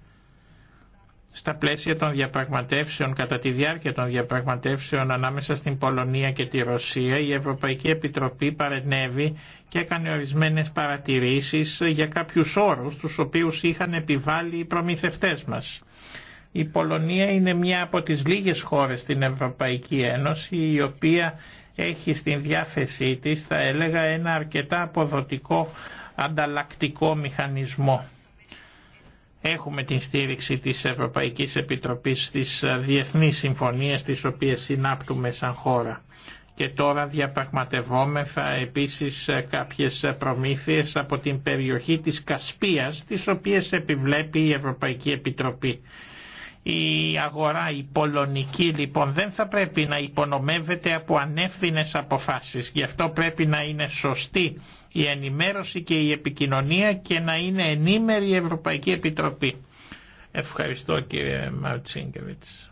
Στα πλαίσια των διαπραγματεύσεων, κατά τη διάρκεια των διαπραγματεύσεων ανάμεσα στην Πολωνία και τη Ρωσία, η Ευρωπαϊκή Επιτροπή παρενέβη και έκανε ορισμένες παρατηρήσεις για κάποιους όρους, τους οποίους είχαν επιβάλει οι προμηθευτές μας. Η Πολωνία είναι μια από τις λίγες χώρες στην Ευρωπαϊκή Ένωση η οποία έχει στην διάθεσή της θα έλεγα ένα αρκετά αποδοτικό ανταλλακτικό μηχανισμό. Έχουμε την στήριξη της Ευρωπαϊκής Επιτροπής στις διεθνείς συμφωνίες τις οποίες συνάπτουμε σαν χώρα. Και τώρα διαπραγματευόμεθα επίσης κάποιες προμήθειες από την περιοχή της Κασπίας τις οποίες επιβλέπει η Ευρωπαϊκή Επιτροπή. Η αγορά, η πολωνική λοιπόν δεν θα πρέπει να υπονομεύεται από ανεύθυνες αποφάσεις. Γι' αυτό πρέπει να είναι σωστή η ενημέρωση και η επικοινωνία και να είναι ενήμερη η Ευρωπαϊκή Επιτροπή. Ευχαριστώ κύριε Μαρτσίνκεβιτς.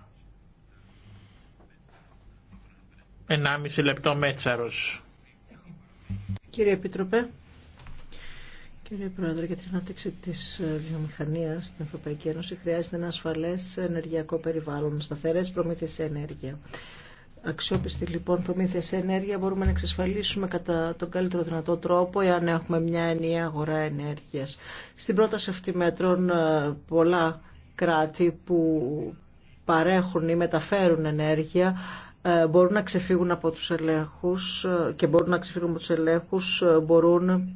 1,5 λεπτό μέτσαρος. Κύριε Επιτροπέ, Κύριε Πρόεδρε, για την ανάπτυξη τη ε, βιομηχανία στην Ευρωπαϊκή Ένωση χρειάζεται ένα ασφαλέ ενεργειακό περιβάλλον, σταθερέ προμήθειε ενέργεια. Αξιόπιστη λοιπόν προμήθεια ενέργεια μπορούμε να εξασφαλίσουμε κατά τον καλύτερο δυνατό τρόπο εάν έχουμε μια ενιαία αγορά ενέργεια. Στην πρόταση αυτή μέτρων ε, πολλά κράτη που παρέχουν ή μεταφέρουν ενέργεια ε, μπορούν να ξεφύγουν από τους ελέγχους και μπορούν να ξεφύγουν από τους ελέγχους, μπορούν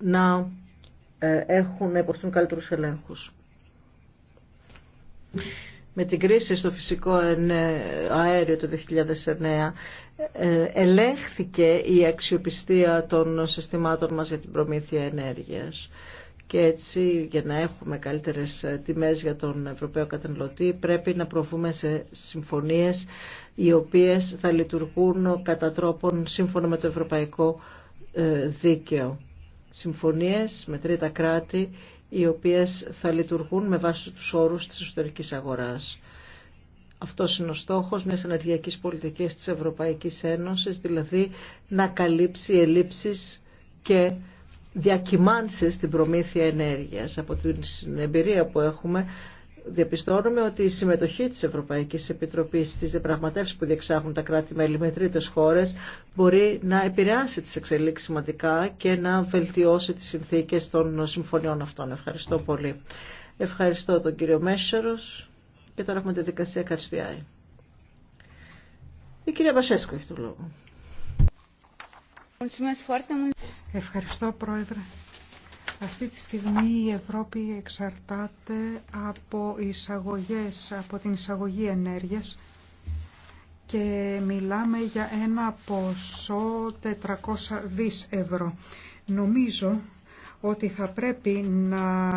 να ε, έχουν να υποστούν καλύτερους ελέγχους. Με την κρίση στο φυσικό αέριο το 2009 ε, ελέγχθηκε η αξιοπιστία των συστημάτων μας για την προμήθεια ενέργειας. Και έτσι για να έχουμε καλύτερες ε, τιμές για τον Ευρωπαίο καταναλωτή πρέπει να προβούμε σε συμφωνίες οι οποίες θα λειτουργούν κατά τρόπον σύμφωνα με το ευρωπαϊκό δίκαιο συμφωνίες με τρίτα κράτη οι οποίες θα λειτουργούν με βάση τους όρους της εσωτερικής αγοράς. Αυτό είναι ο στόχος μιας ενεργειακής πολιτικής της Ευρωπαϊκής Ένωσης, δηλαδή να καλύψει ελλείψεις και διακυμάνσεις στην προμήθεια ενέργειας. Από την εμπειρία που έχουμε διαπιστώνουμε ότι η συμμετοχή της Ευρωπαϊκής Επιτροπής στις διαπραγματεύσεις που διεξάγουν τα κράτη-μέλη με τρίτες χώρες μπορεί να επηρεάσει τις εξελίξεις σημαντικά και να βελτιώσει τις συνθήκες των συμφωνιών αυτών. Ευχαριστώ πολύ. Ευχαριστώ τον κύριο Μέσσερος και τώρα έχουμε τη δικασία Καρστιάη. Η κυρία Μπασέσκο έχει το λόγο. Ευχαριστώ, Πρόεδρε. Αυτή τη στιγμή η Ευρώπη εξαρτάται από, εισαγωγές, από την εισαγωγή ενέργειας και μιλάμε για ένα ποσό 400 δις ευρώ. Νομίζω ότι θα πρέπει να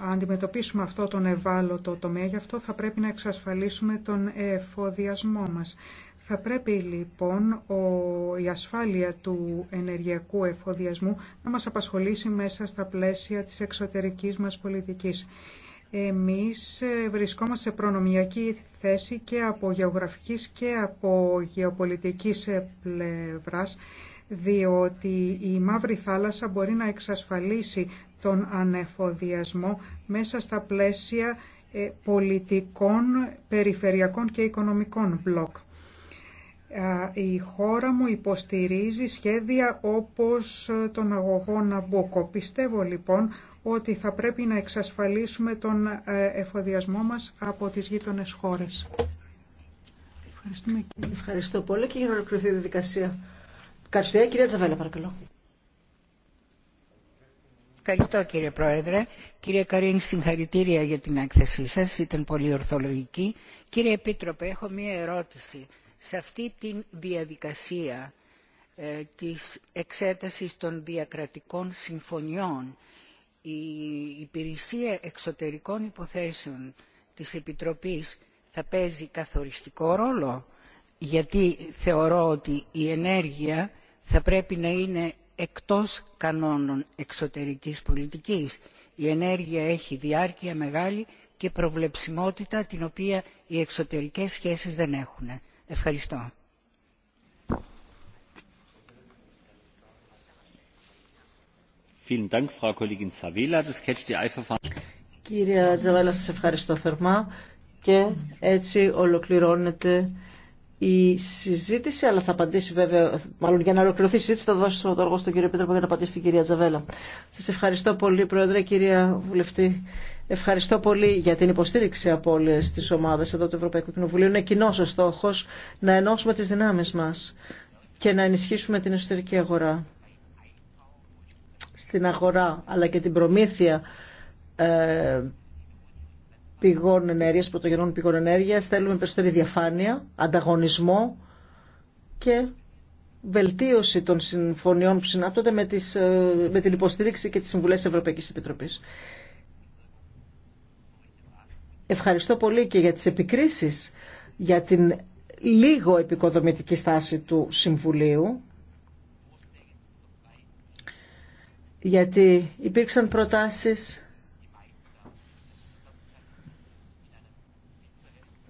αντιμετωπίσουμε αυτό τον ευάλωτο τομέα, γι' αυτό θα πρέπει να εξασφαλίσουμε τον εφοδιασμό μας. Θα πρέπει λοιπόν ο, η ασφάλεια του ενεργειακού εφοδιασμού να μας απασχολήσει μέσα στα πλαίσια της εξωτερικής μας πολιτικής. Εμείς ε, βρισκόμαστε σε προνομιακή θέση και από γεωγραφικής και από γεωπολιτικής ε, πλευράς, διότι η Μαύρη Θάλασσα μπορεί να εξασφαλίσει τον ανεφοδιασμό μέσα στα πλαίσια ε, πολιτικών, περιφερειακών και οικονομικών μπλοκ. Ε, η χώρα μου υποστηρίζει σχέδια όπως ε, τον αγωγό Ναμποκο. Πιστεύω λοιπόν ότι θα πρέπει να εξασφαλίσουμε τον ε, εφοδιασμό μας από τις γείτονες χώρες. Ευχαριστώ πολύ και για να ολοκληρωθεί η διαδικασία. κυρία Τζαβέλα, παρακαλώ. Ευχαριστώ κύριε Πρόεδρε. Κύριε Καρίνη, συγχαρητήρια για την έκθεσή σας. Ήταν πολύ ορθολογική. Κύριε Επίτροπε, έχω μία ερώτηση σε αυτή τη διαδικασία ε, της εξέτασης των διακρατικών συμφωνιών η υπηρεσία εξωτερικών υποθέσεων της Επιτροπής θα παίζει καθοριστικό ρόλο γιατί θεωρώ ότι η ενέργεια θα πρέπει να είναι εκτός κανόνων εξωτερικής πολιτικής. Η ενέργεια έχει διάρκεια μεγάλη και προβλεψιμότητα την οποία οι εξωτερικές σχέσεις δεν έχουν. Ευχαριστώ. Κύριε Τζαβέλα, σας ευχαριστώ θερμά και έτσι ολοκληρώνεται η συζήτηση, αλλά θα απαντήσει βέβαια, μάλλον για να ολοκληρωθεί η συζήτηση θα δώσω το λόγο στον κύριο Πίτροπο για να απαντήσει την κυρία Τζαβέλα. Σας ευχαριστώ πολύ, Πρόεδρε, κυρία Βουλευτή. Ευχαριστώ πολύ για την υποστήριξη από όλε τι ομάδε εδώ του Ευρωπαϊκού Κοινοβουλίου. Είναι κοινό ο στόχο να ενώσουμε τι δυνάμει μα και να ενισχύσουμε την εσωτερική αγορά. Στην αγορά αλλά και την προμήθεια ε, πηγών ενέργειας, πρωτογενών πηγών ενέργειας, θέλουμε περισσότερη διαφάνεια, ανταγωνισμό και βελτίωση των συμφωνιών που συνάπτονται με, τις, ε, με την υποστήριξη και τις συμβουλές της Ευρωπαϊκής Επιτροπής. Ευχαριστώ πολύ και για τις επικρίσεις για την λίγο επικοδομητική στάση του Συμβουλίου γιατί υπήρξαν προτάσεις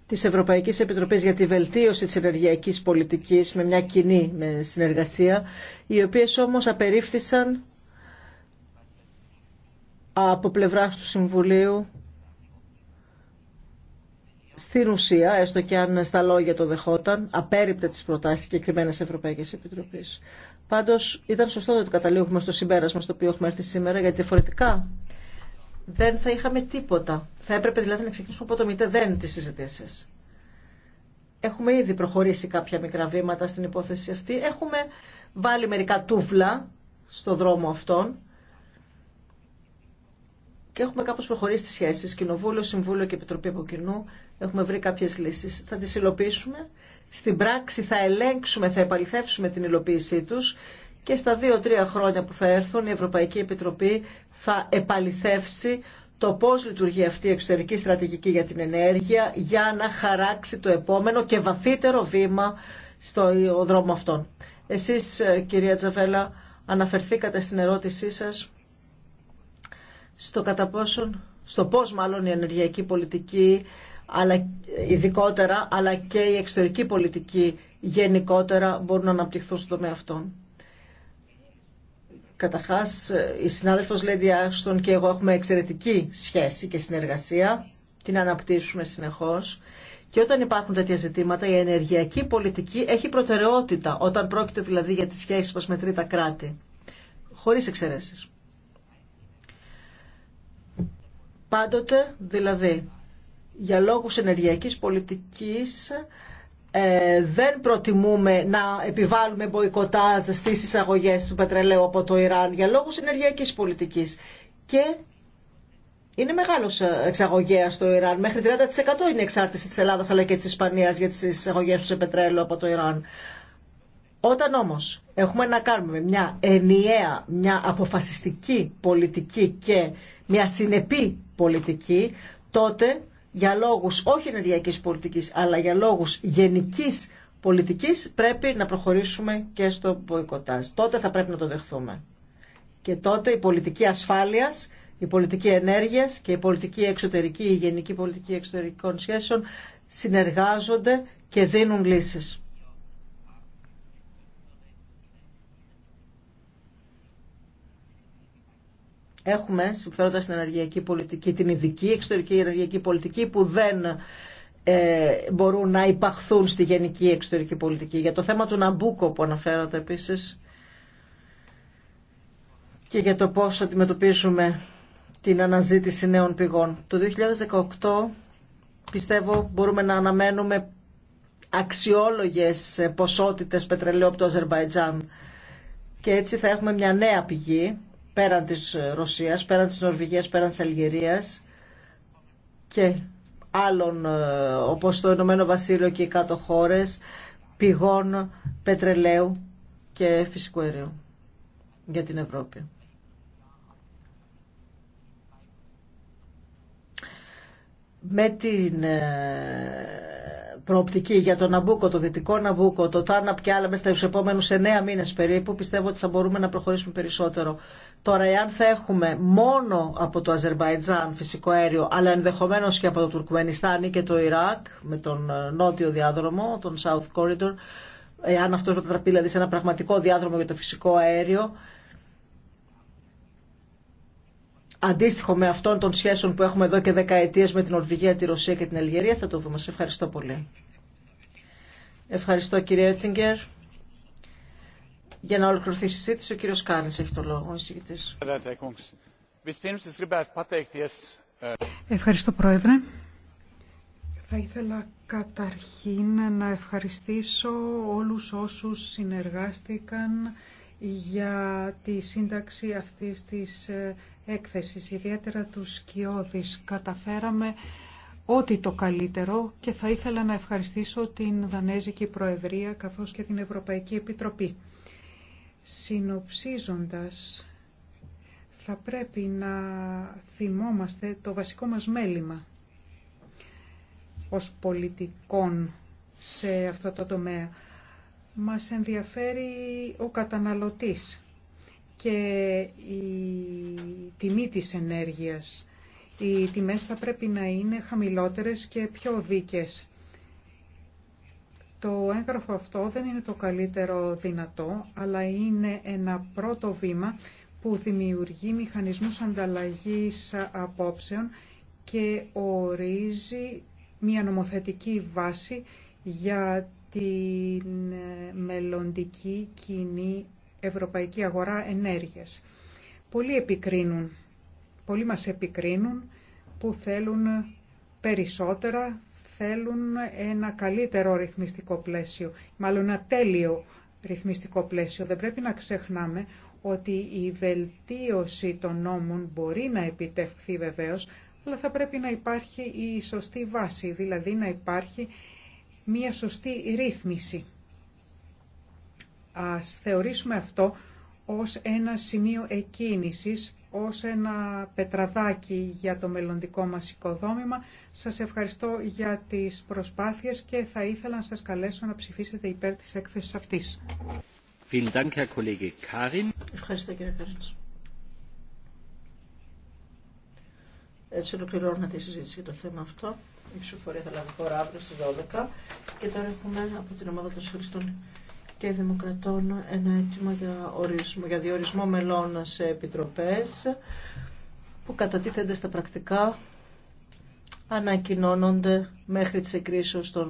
της Ευρωπαϊκής Επιτροπής για τη βελτίωση της ενεργειακής πολιτικής με μια κοινή συνεργασία, οι οποίες όμως απερίφθησαν από πλευράς του Συμβουλίου στην ουσία, έστω και αν στα λόγια το δεχόταν, απέριπτε τις προτάσεις συγκεκριμένε Ευρωπαϊκής επιτροπή. Πάντω ήταν σωστό ότι καταλήγουμε στο συμπέρασμα στο οποίο έχουμε έρθει σήμερα, γιατί διαφορετικά δεν θα είχαμε τίποτα. Θα έπρεπε δηλαδή να ξεκινήσουμε από το μήτε δεν τις συζητήσεις. Έχουμε ήδη προχωρήσει κάποια μικρά βήματα στην υπόθεση αυτή. Έχουμε βάλει μερικά τούβλα στο δρόμο αυτόν και έχουμε κάπως προχωρήσει τις σχέσεις Κοινοβούλιο, Συμβούλιο και Επιτροπή από κοινού έχουμε βρει κάποιες λύσεις. Θα τις υλοποιήσουμε, στην πράξη θα ελέγξουμε, θα επαληθεύσουμε την υλοποίησή τους και στα δύο-τρία χρόνια που θα έρθουν η Ευρωπαϊκή Επιτροπή θα επαληθεύσει το πώς λειτουργεί αυτή η εξωτερική στρατηγική για την ενέργεια για να χαράξει το επόμενο και βαθύτερο βήμα στο δρόμο αυτόν. Εσείς ε, κυρία Τζαβέλα αναφερθήκατε στην ερώτησή σας στο κατά πόσον, στο πώς μάλλον η ενεργειακή πολιτική αλλά ειδικότερα, αλλά και η εξωτερική πολιτική γενικότερα μπορούν να αναπτυχθούν στον τομέα αυτών. Καταρχάς, η συνάδελφος Λέντι Άστον και εγώ έχουμε εξαιρετική σχέση και συνεργασία, την αναπτύσσουμε συνεχώς. Και όταν υπάρχουν τέτοια ζητήματα, η ενεργειακή πολιτική έχει προτεραιότητα, όταν πρόκειται δηλαδή για τις σχέσεις μας με τρίτα κράτη, χωρίς εξαιρέσεις. Πάντοτε, δηλαδή, για λόγους ενεργειακής πολιτικής ε, δεν προτιμούμε να επιβάλλουμε μποϊκοτάζ στις εισαγωγές του πετρελαίου από το Ιράν για λόγους ενεργειακής πολιτικής. Και είναι μεγάλο ε, εξαγωγέα στο Ιράν. Μέχρι 30% είναι η εξάρτηση τη Ελλάδα αλλά και τη Ισπανία για τι εισαγωγέ του σε πετρέλαιο από το Ιράν. Όταν όμω έχουμε να κάνουμε μια ενιαία, μια αποφασιστική πολιτική και μια συνεπή πολιτική, τότε για λόγους όχι ενεργειακής πολιτικής αλλά για λόγους γενικής πολιτικής πρέπει να προχωρήσουμε και στο μποϊκοτάζ. Τότε θα πρέπει να το δεχθούμε. Και τότε η πολιτική ασφάλειας, η πολιτική ενέργειας και η πολιτική εξωτερική, η γενική πολιτική εξωτερικών σχέσεων συνεργάζονται και δίνουν λύσεις. Έχουμε συμφέροντα στην ενεργειακή πολιτική, την ειδική εξωτερική ενεργειακή πολιτική που δεν ε, μπορούν να υπαχθούν στη γενική εξωτερική πολιτική. Για το θέμα του Ναμπούκο που αναφέρατε επίσης και για το πώς αντιμετωπίζουμε την αναζήτηση νέων πηγών. Το 2018 πιστεύω μπορούμε να αναμένουμε αξιόλογες ποσότητες πετρελαίου από το Αζερβαϊτζάν και έτσι θα έχουμε μια νέα πηγή πέραν της Ρωσίας, πέραν της Νορβηγίας, πέραν της Αλγερίας και άλλων ε, όπως το Ηνωμένο Βασίλειο και οι κάτω χώρες πηγών πετρελαίου και φυσικού αερίου για την Ευρώπη. Με την ε, προοπτική για το Ναμπούκο, το Δυτικό Ναμπούκο, το Τάναπ και άλλα μέσα στου επόμενου εννέα μήνε περίπου, πιστεύω ότι θα μπορούμε να προχωρήσουμε περισσότερο. Τώρα, εάν θα έχουμε μόνο από το Αζερβαϊτζάν φυσικό αέριο, αλλά ενδεχομένω και από το Τουρκμενιστάν ή και το Ιράκ, με τον ε, νότιο διάδρομο, τον South Corridor, εάν αυτό μετατραπεί δηλαδή σε ένα πραγματικό διάδρομο για το φυσικό αέριο, αντίστοιχο με αυτών των σχέσεων που έχουμε εδώ και δεκαετίες με την Ορβηγία, τη Ρωσία και την Αλγερία. Θα το δούμε. Σε ευχαριστώ πολύ. Ευχαριστώ κύριε Έτσιγκερ. Για να ολοκληρωθεί η συζήτηση, ο κύριος Κάνης έχει το λόγο, Ευχαριστώ Πρόεδρε. Θα ήθελα καταρχήν να ευχαριστήσω όλους όσους συνεργάστηκαν για τη σύνταξη αυτής της έκθεσης, ιδιαίτερα του Σκιώδης. Καταφέραμε ό,τι το καλύτερο και θα ήθελα να ευχαριστήσω την Δανέζικη Προεδρία καθώς και την Ευρωπαϊκή Επιτροπή. Συνοψίζοντας, θα πρέπει να θυμόμαστε το βασικό μας μέλημα ως πολιτικών σε αυτό το τομέα. Μας ενδιαφέρει ο καταναλωτής και η τιμή της ενέργειας. Οι τιμές θα πρέπει να είναι χαμηλότερες και πιο δίκες. Το έγγραφο αυτό δεν είναι το καλύτερο δυνατό, αλλά είναι ένα πρώτο βήμα που δημιουργεί μηχανισμούς ανταλλαγής απόψεων και ορίζει μια νομοθετική βάση για την μελλοντική κοινή Ευρωπαϊκή Αγορά Ενέργειας. Πολλοί επικρίνουν, πολλοί μας επικρίνουν που θέλουν περισσότερα, θέλουν ένα καλύτερο ρυθμιστικό πλαίσιο, μάλλον ένα τέλειο ρυθμιστικό πλαίσιο. Δεν πρέπει να ξεχνάμε ότι η βελτίωση των νόμων μπορεί να επιτευχθεί βεβαίως, αλλά θα πρέπει να υπάρχει η σωστή βάση, δηλαδή να υπάρχει μια σωστή ρύθμιση. Ας θεωρήσουμε αυτό ως ένα σημείο εκκίνησης, ως ένα πετραδάκι για το μελλοντικό μας οικοδόμημα. Σας ευχαριστώ για τις προσπάθειες και θα ήθελα να σας καλέσω να ψηφίσετε υπέρ της έκθεσης αυτής. Ευχαριστώ κύριε Καρίντς. Έτσι ολοκληρώνεται η συζήτηση για το θέμα αυτό. Η ψηφοφορία θα λάβει χώρα αύριο στις 12 και τώρα έχουμε από την ομάδα των συγχωριστών και Δημοκρατών ένα αίτημα για, ορισμό, για διορισμό μελών σε επιτροπές που κατατίθενται στα πρακτικά ανακοινώνονται μέχρι τις εκκρίσεις των